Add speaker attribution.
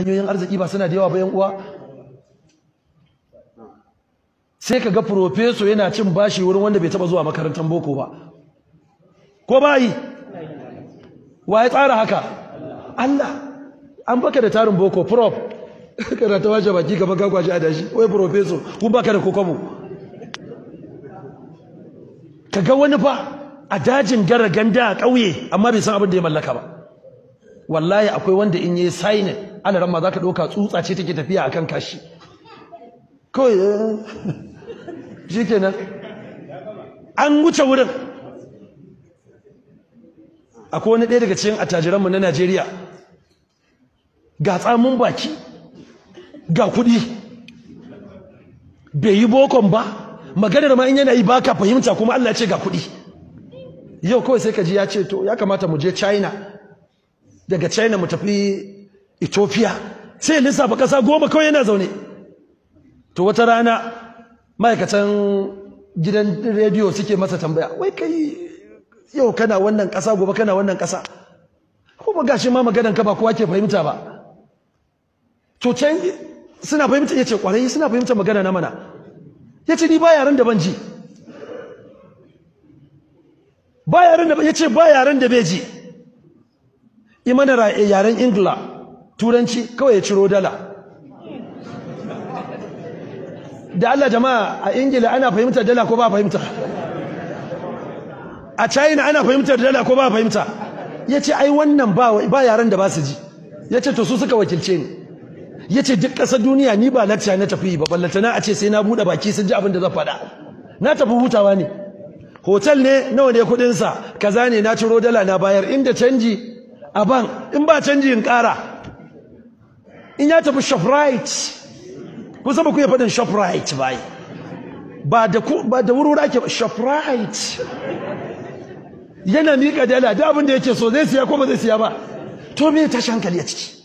Speaker 1: hanyoyin arziki ba suna da yawa ba yan uwa sai ka ga profeso yana cin bashi wurin wanda bai taba zuwa makarantar boko ba ko bayi wa ya tsara haka Allah an baka da tarin boko prof kana ta washe baki gaba gagwaje a dashi wai profeso kun baka da kokomo ka ga wani fa a dajin gara ganda a ƙauye amma bai san abin da ya mallaka ba wallahi akwai wanda in yi sainin alaran za ka ɗauka tsutsa ce take tafiya akan kashi kawai eh, shi kenan an wuce wurin akwai wani ɗaya daga cikin attajiranmu na najeriya ga tsamin baki ga kuɗi bai yi bokon ba maganar ma in yana yi baka fahimta kuma allah ce ga kuɗi yau kawai sai ka ji ya ce to ya kamata mu je china daga china mu tafi Ethiopia sai lissafa ƙasa goma kawai yana zaune to wata rana ma'aikatan gidan rediyo suke masa tambaya wai kai yau kana wannan ƙasa gobe kana wannan ƙasa kuma gashi ma maganan ka ba kowa ke fahimta ba to can suna fahimta yace kwarai suna fahimta magana na mana yace ni ba yaren da ban ji ba yaren da yace ba yaren da bai ji imana yaren ingila turanci kawai ya ciro dala da Allah jama'a a ingila ana fahimtar dala ko ba fahimta a china ana fahimtar dala ko ba fahimta ya ce ai wannan ba yaren da ba su ji ya ce to su suka wakilce ni ya ce duk ƙasar duniya ni ba lakciya na tafi ba ballatana a ce sai na buɗe baki sun ji abin da zan faɗa na tafi hutawa ne hotel ne nawa ne kudinsa kaza ne na ciro dala na bayar inda canji a ban in ba canji in ƙara in ya tafi shoprite ku zama ba ku yi faɗin shoprite ba ba da ba wuri ake shoprite yana miƙa dala da abin da yake so zai siya ko ba zai siya ba to me tashi hankali a ciki